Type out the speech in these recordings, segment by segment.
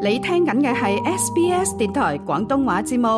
你聽緊嘅係 SBS 電台廣東話節目，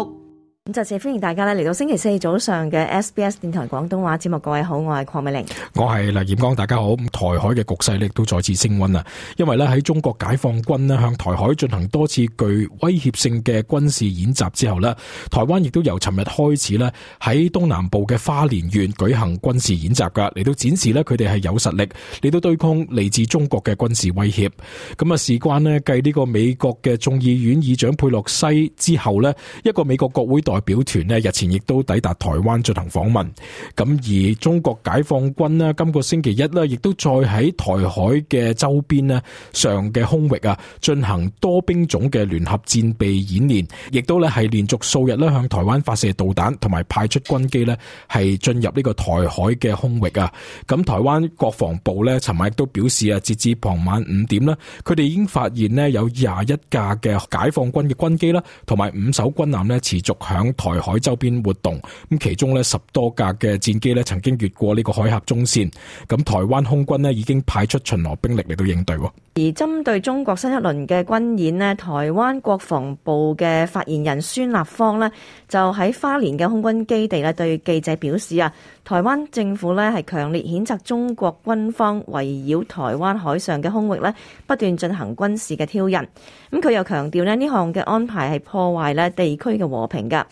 咁就再次歡迎大家咧嚟到星期四早上嘅 SBS 電台廣東話節目。各位好，我係鄺美玲，我係梁艷光，大家好。台海嘅局勢力都再次升溫啦，因為咧喺中國解放軍向台海進行多次具威脅性嘅軍事演習之後呢，台灣亦都由尋日開始呢喺東南部嘅花蓮縣舉行軍事演習噶，嚟到展示呢佢哋係有實力嚟到對抗嚟自中國嘅軍事威脅。咁啊，事關呢，繼呢個美國嘅眾議院議長佩洛西之後呢，一個美國國會代表團日前亦都抵達台灣進行訪問。咁而中國解放軍呢，今個星期一呢亦都再喺台海嘅周邊咧，上嘅空域啊，進行多兵種嘅聯合戰備演練，亦都咧係連續數日咧向台灣發射導彈，同埋派出軍機咧係進入呢個台海嘅空域啊。咁台灣國防部咧尋晚亦都表示啊，截至傍晚五點咧，佢哋已經發現咧有廿一架嘅解放軍嘅軍機啦，同埋五艘軍艦咧持續響台海周邊活動。咁其中咧十多架嘅戰機咧曾經越過呢個海峽中線。咁台灣空軍，已經派出巡邏兵力嚟到應對，而針對中國新一輪嘅軍演呢，台灣國防部嘅發言人孫立方呢，就喺花蓮嘅空軍基地呢對記者表示啊，台灣政府呢係強烈譴責中國軍方圍繞台灣海上嘅空域呢不斷進行軍事嘅挑釁，咁佢又強調咧呢項嘅安排係破壞呢地區嘅和平噶。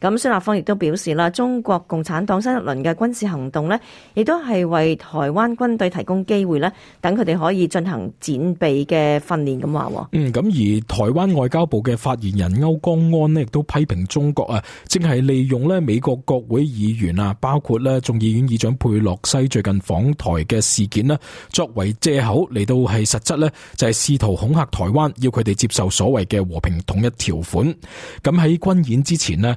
咁孫立方亦都表示啦，中國共產黨新一輪嘅軍事行動咧，亦都係為台灣軍隊提供機會呢，等佢哋可以進行戰備嘅訓練咁話。嗯，咁而台灣外交部嘅發言人歐江安咧，亦都批評中國啊，正係利用咧美國國會議員啊，包括咧眾議院議長佩洛西最近訪台嘅事件啦，作為借口嚟到係實質咧，就係試圖恐嚇台灣，要佢哋接受所謂嘅和平統一條款。咁喺軍演之前咧。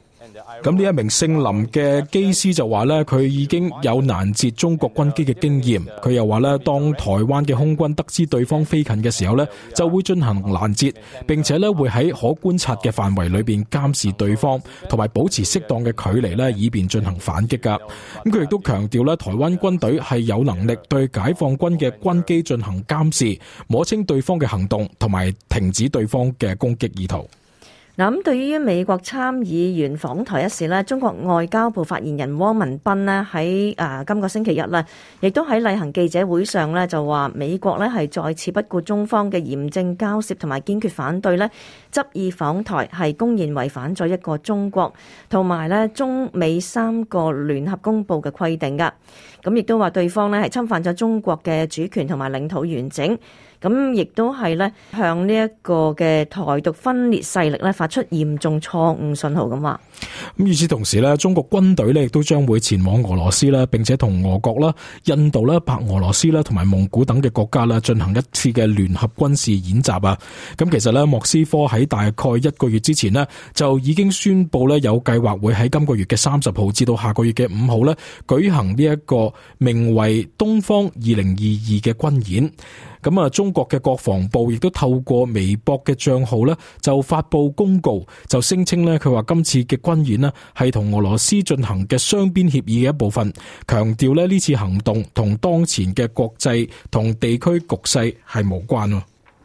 咁呢一名姓林嘅機師就話呢，佢已經有攔截中國軍機嘅經驗。佢又話呢，當台灣嘅空軍得知對方飛近嘅時候呢，就會進行攔截，並且呢會喺可觀察嘅範圍裏邊監視對方，同埋保持適當嘅距離呢，以便進行反擊噶。咁佢亦都強調呢，台灣軍隊係有能力對解放軍嘅軍機進行監視，摸清對方嘅行動，同埋停止對方嘅攻擊意圖。咁對於美國參議員訪台一事呢，中國外交部發言人汪文斌呢喺啊今個星期日呢亦都喺例行記者會上呢就話，美國呢係再次不顧中方嘅嚴正交涉同埋堅決反對呢，執意訪台係公然違反咗一個中國同埋呢中美三個聯合公佈嘅規定噶。咁亦都話對方呢係侵犯咗中國嘅主權同埋領土完整。咁亦都係咧，向呢一個嘅台獨分裂勢力咧，發出嚴重錯誤信號咁話。咁，與此同時咧，中國軍隊咧亦都將會前往俄羅斯啦，並且同俄國啦、印度啦、白俄羅斯啦、同埋蒙古等嘅國家啦進行一次嘅聯合軍事演習啊。咁其實咧，莫斯科喺大概一個月之前呢，就已經宣布咧有計劃會喺今個月嘅三十號至到下個月嘅五號咧舉行呢一個名為東方二零二二嘅軍演。咁啊，中國嘅國防部亦都透過微博嘅帳號咧，就發布公告，就聲稱咧，佢話今次嘅軍演呢係同俄羅斯進行嘅雙邊協議嘅一部分，強調咧呢次行動同當前嘅國際同地區局勢係無關。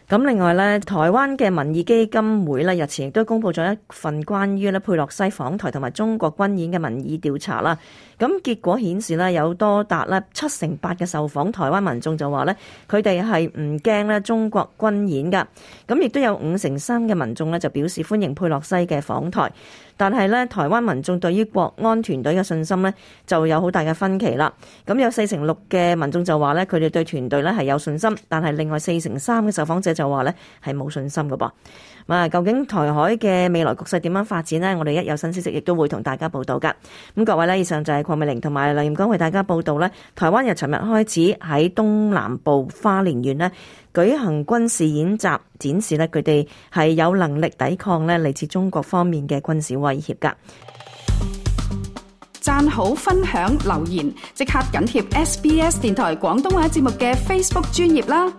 咁另外咧，台灣嘅民意基金會咧，日前亦都公布咗一份關於咧佩洛西訪台同埋中國軍演嘅民意調查啦。咁結果顯示咧，有多達咧七成八嘅受訪台灣民眾就話咧，佢哋係唔驚咧中國軍演噶。咁亦都有五成三嘅民眾咧就表示歡迎佩洛西嘅訪台。但係咧，台灣民眾對於國安團隊嘅信心咧就有好大嘅分歧啦。咁有四成六嘅民眾就話咧，佢哋對團隊咧係有信心，但係另外四成三嘅受訪者。就話咧係冇信心噶噃，咁啊，究竟台海嘅未來局勢點樣發展呢？我哋一有新消息，亦都會同大家報道噶。咁各位呢，以上就係鄺美玲同埋梁艷剛為大家報道咧。台灣由尋日開始喺東南部花蓮縣咧舉行軍事演習，展示，咧佢哋係有能力抵抗咧嚟自中國方面嘅軍事威脅噶。讚好、分享、留言，即刻緊貼 SBS 電台廣東話節目嘅 Facebook 專頁啦。